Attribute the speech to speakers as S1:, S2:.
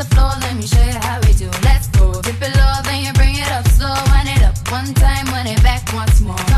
S1: the floor, let me show you how we do. Let's go. Dip it low, then you bring it up slow. Wind it up one time, wind it back once more.